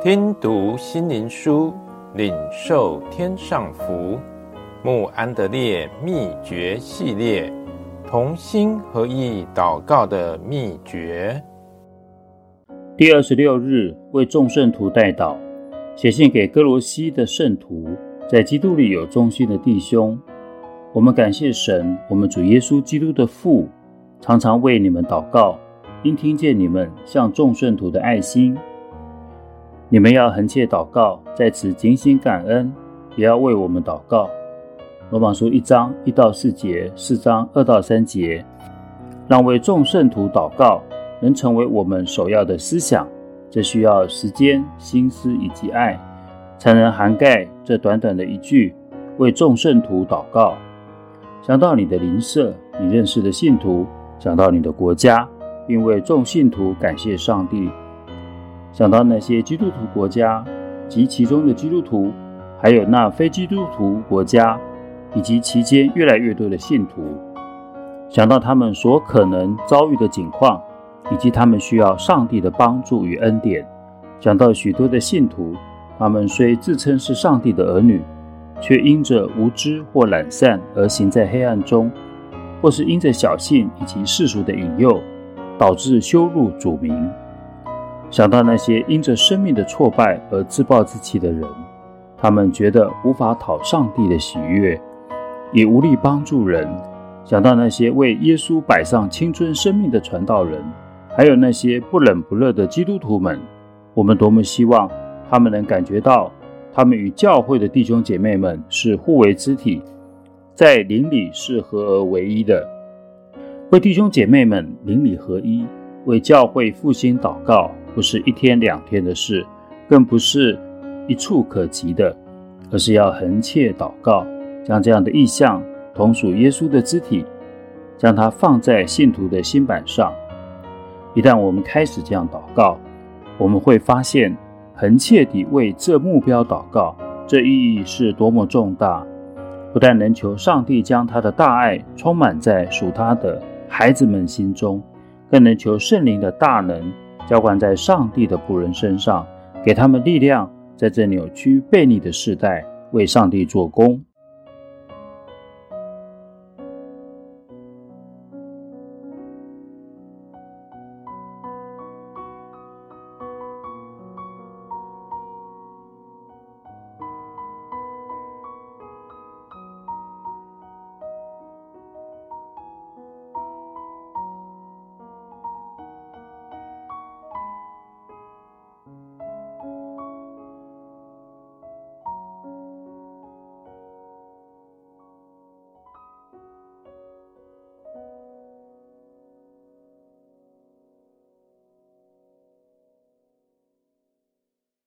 聽讀心靈書，領受天上福。慕安德烈秘訣系列：同心合意禱告的秘訣。第二十六日為眾聖徒代禱，寫信給歌羅西的聖徒，在基督裡有忠心的弟兄。我們感謝神，我們主耶穌基督的父，常常為你們禱告，因聽見你們向眾聖徒的愛心。你們要恆切禱告，在此警醒感恩，也要為我們禱告。羅馬書一章一到四節，四章二到三節，讓為眾聖徒禱告能成為我們首要的思想。這需要時間、心思以及愛，才能涵蓋這短短的一句“為眾聖徒禱告”。想到你的鄰舍，你認識的信徒，想到你的國家，並為眾信徒感謝上帝。想到那些基督徒國家及其中的基督徒，還有那非基督徒國家以及其間越來越多的信徒，想到他們所可能遭遇的景況，以及他們需要上帝的幫助與恩典。想到許多的信徒，他們雖自稱是上帝的兒女，卻因着無知或懶散而行在黑暗中，或是因着小信以及世俗的引誘，導致羞辱主名。想到那些因着生命的挫敗而自暴自棄的人，他們覺得無法討上帝的喜悅，也無力幫助人。想到那些為耶穌擺上青春生命的傳道人，還有那些不冷不熱的基督徒們，我們多麼希望他們能感覺到，他們與教會的弟兄姐妹們是互為肢體，在靈裡是合而為一的。為弟兄姐妹們靈裡合一，為教會復興禱告。不是一天兩天的事，更不是一蹴可及的，而是要恆切禱告，將這樣的異象，同屬耶穌的肢體，將它放在信徒的心版上。一旦我們開始這樣禱告，我們會發現恆切地為這目標禱告，這意義是多麼重大。不但能求上帝將他的大愛充滿在屬他的孩子們心中，更能求聖靈的大能。澆灌在上帝的僕人身上，給他們力量，在這扭曲悖逆的世代，為上帝做工。